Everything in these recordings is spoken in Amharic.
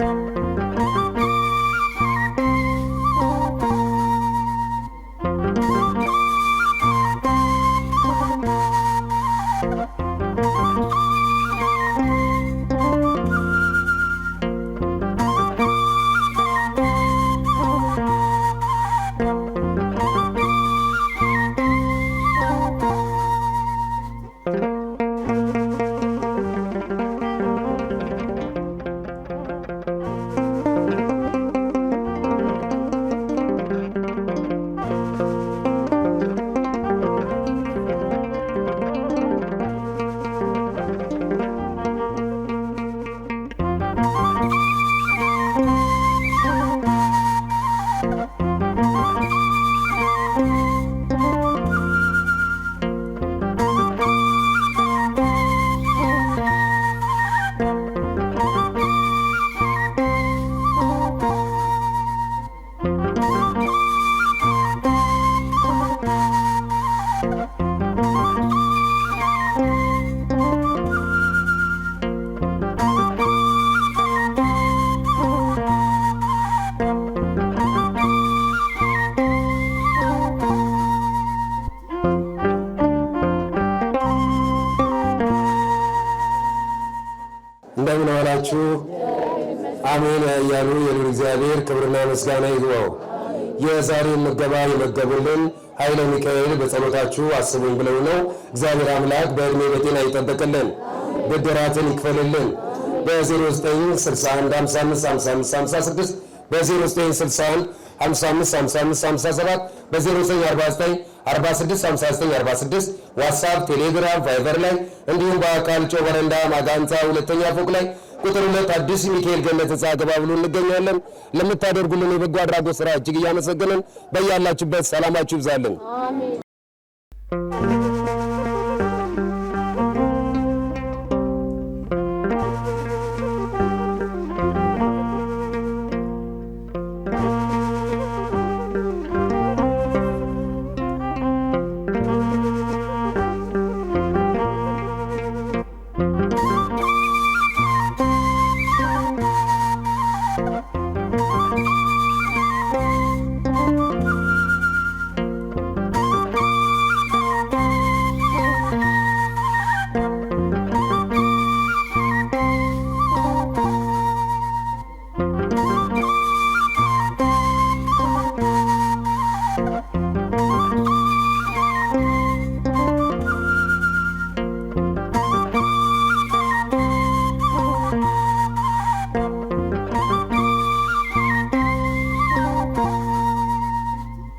you ያላችሁ አሜን ያያሉ የሉ እግዚአብሔር ክብርና ምስጋና ይግባው። የዛሬ ምገባ የመገቡልን ኃይለ ሚካኤል በጸሎታችሁ አስቡኝ ብለው ነው። እግዚአብሔር አምላክ በእድሜ በጤና ይጠበቅልን ብድራትን ይክፈልልን። በ0961555556 በ0961555557 በ0949465946 ዋትሳፕ፣ ቴሌግራም፣ ቫይበር ላይ እንዲሁም በአካል ጮ በረንዳ ማጋ ሁለተኛ ፎቅ ላይ ቁጥር ሁለት አዲስ ሚካኤል ገነት ህንፃ ገባ ብሎ እንገኛለን። ለምታደርጉልን የበጎ አድራጎት ስራ እጅግ እያመሰገንን በያላችሁበት ሰላማችሁ ይብዛልን።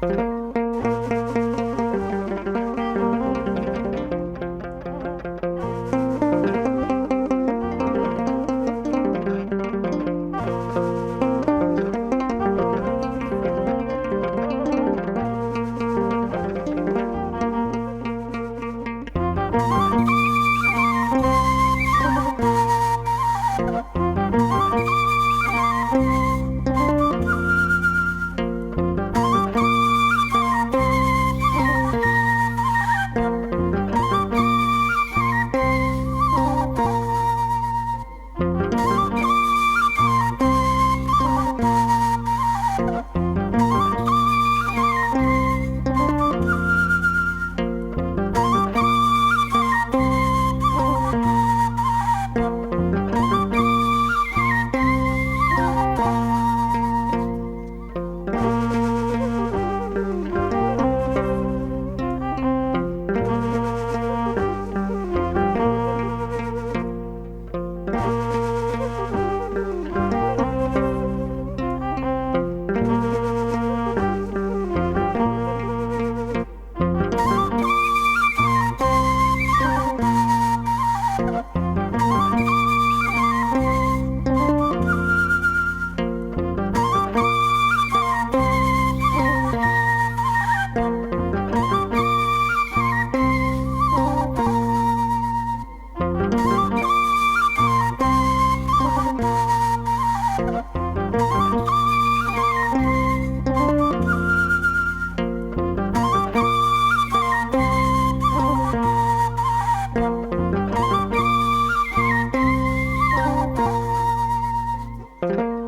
Thank you. Thank you.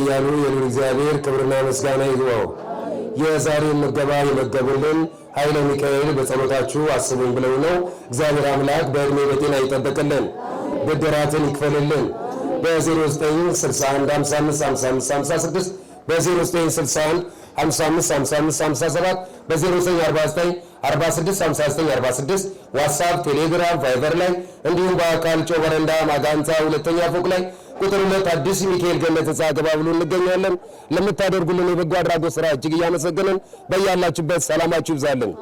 እያሉ የሉል እግዚአብሔር ክብርና ምስጋና ይግባው። የዛሬ ምገባ የመገቡልን ኃይለ ሚካኤል በጸሎታችሁ አስቡን ብለው ነው። እግዚአብሔር አምላክ በእድሜ በጤና ይጠበቅልን፣ ብድራትን ይክፈልልን። በ0961555556 በ0961555557 በ0949465946 ዋትሳፕ፣ ቴሌግራም፣ ቫይበር ላይ እንዲሁም በአካል ጮ በረንዳ ማጋንፃ ሁለተኛ ፎቅ ላይ ቁጥር ሁለት አዲስ ሚካኤል ገነት ህንፃ ገባ ብሎ እንገኛለን። ለምታደርጉልን የበጎ አድራጎት ስራ እጅግ እያመሰገንን በያላችሁበት ሰላማችሁ ይብዛልን።